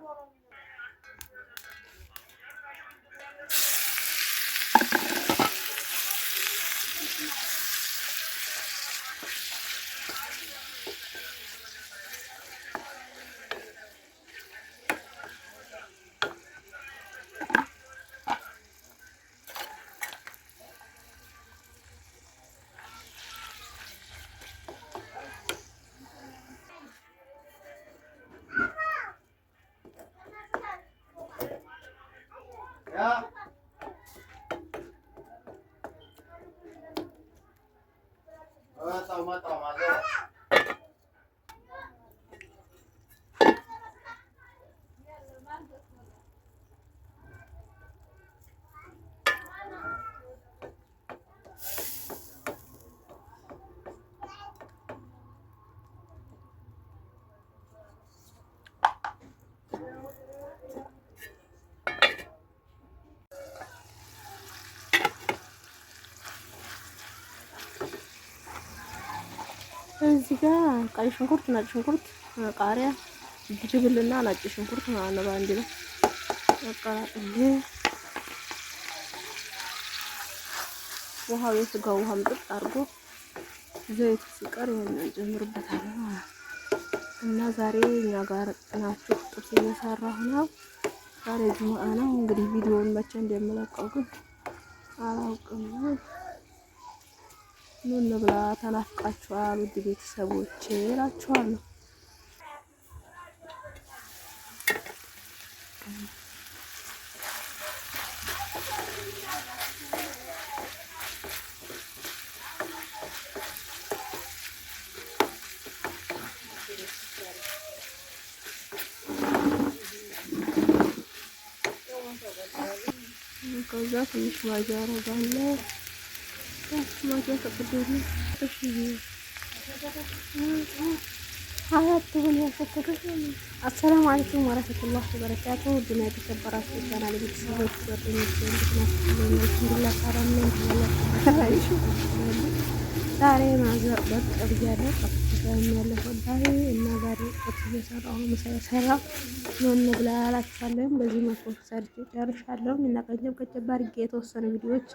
过了。야 እዚህ ጋር ቀይ ሽንኩርት፣ ነጭ ሽንኩርት፣ ቃሪያ፣ ዝንጅብልና ነጭ ሽንኩርት ማለት ነው። ባንዲ ላይ አቀላቅዬ ውሃው የስጋው ውሃ ምጥጥ አድርጎ ዘይቱ ሲቀር ይሄንን ጀምርበታለሁ ማለት ነው። እና ዛሬ እኛ ጋር ናችሁ ጥብስ እየሰራሁ ነው። ዛሬ ጁምአ ነው። እንግዲህ ቪዲዮውን መቼ እንደምለቀው ግን አላውቅም። ኑን ብላ ተናፍቃችኋል ውድ ቤተሰቦች እላችኋለሁ። ከዛ ትንሽ ማጃ አሰላሙ አለይኩም ወረህመቱላሂ ወበረካቱ። ድና የተከበራችሁ ቻናል ቤተሰቦች ዛሬ ማዘር ወጥ ብያለሁ። ዛሬ እና ዛሬ ወጥ እየሰራሁ ምሳ የሰራሁ ምን እንብላ እላችኋለሁ። በዚህ መልኩ ሰርቼ ጨርሻለሁ እና ቀንጨብ ቀንጨብ የተወሰኑ ቪዲዮዎች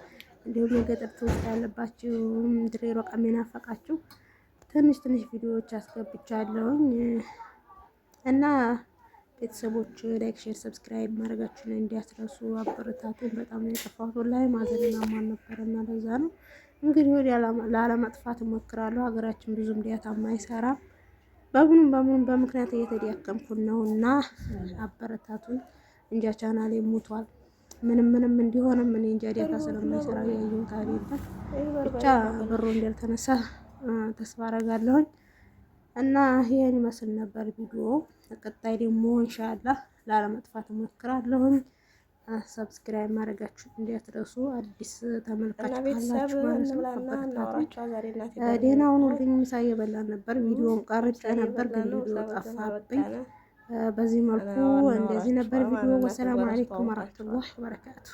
እንዲሁም የገጠር ትውስታ ያለባችሁ ምድሬ ሮቃ የናፈቃችሁ ትንሽ ትንሽ ቪዲዮዎች አስገብቻለሁኝ እና ቤተሰቦች ላይክ፣ ሼር፣ ሰብስክራይብ ማድረጋችሁን እንዲያስረሱ አበረታቱን። በጣም ነው የጠፋሁት ወላሂ ማዘንና ማን ነበር እና ለዛ ነው እንግዲህ ወዲ ላለማጥፋት እሞክራለሁ። ሀገራችን ብዙ እንዲያታ አይሰራም። በምኑም በምኑም በምክንያት እየተዳከምኩ ነው እና አበረታቱን። እንጃ ቻናሌ ሙቷል። ምንም ምንም እንዲሆንም እኔ እንጃ ዴታ ስለማይሰራ ያየሁት አይደለም። ብቻ ብሩ እንዳልተነሳ ተስፋ አረጋለሁኝ እና ይሄን ይመስል ነበር ቪዲዮ። ቀጣይ ደግሞ ኢንሻአላህ ላለመጥፋት እሞክራለሁኝ። ሰብስክራይብ ማድረጋችሁ እንዲያትረሱ። አዲስ ተመልካች ካላችሁ ማለት ነው አበረታቶች። ደህና ሁኑልኝ። ምሳ እየበላን ነበር፣ ቪዲዮን ቀርጬ ነበር ግን ቪዲዮ ጠፋብኝ። በዚህ መልኩ እንደዚህ ነበር ቪዲዮ። ወሰላሙ አለይኩም ወራህመቱላሂ ወበረካቱ።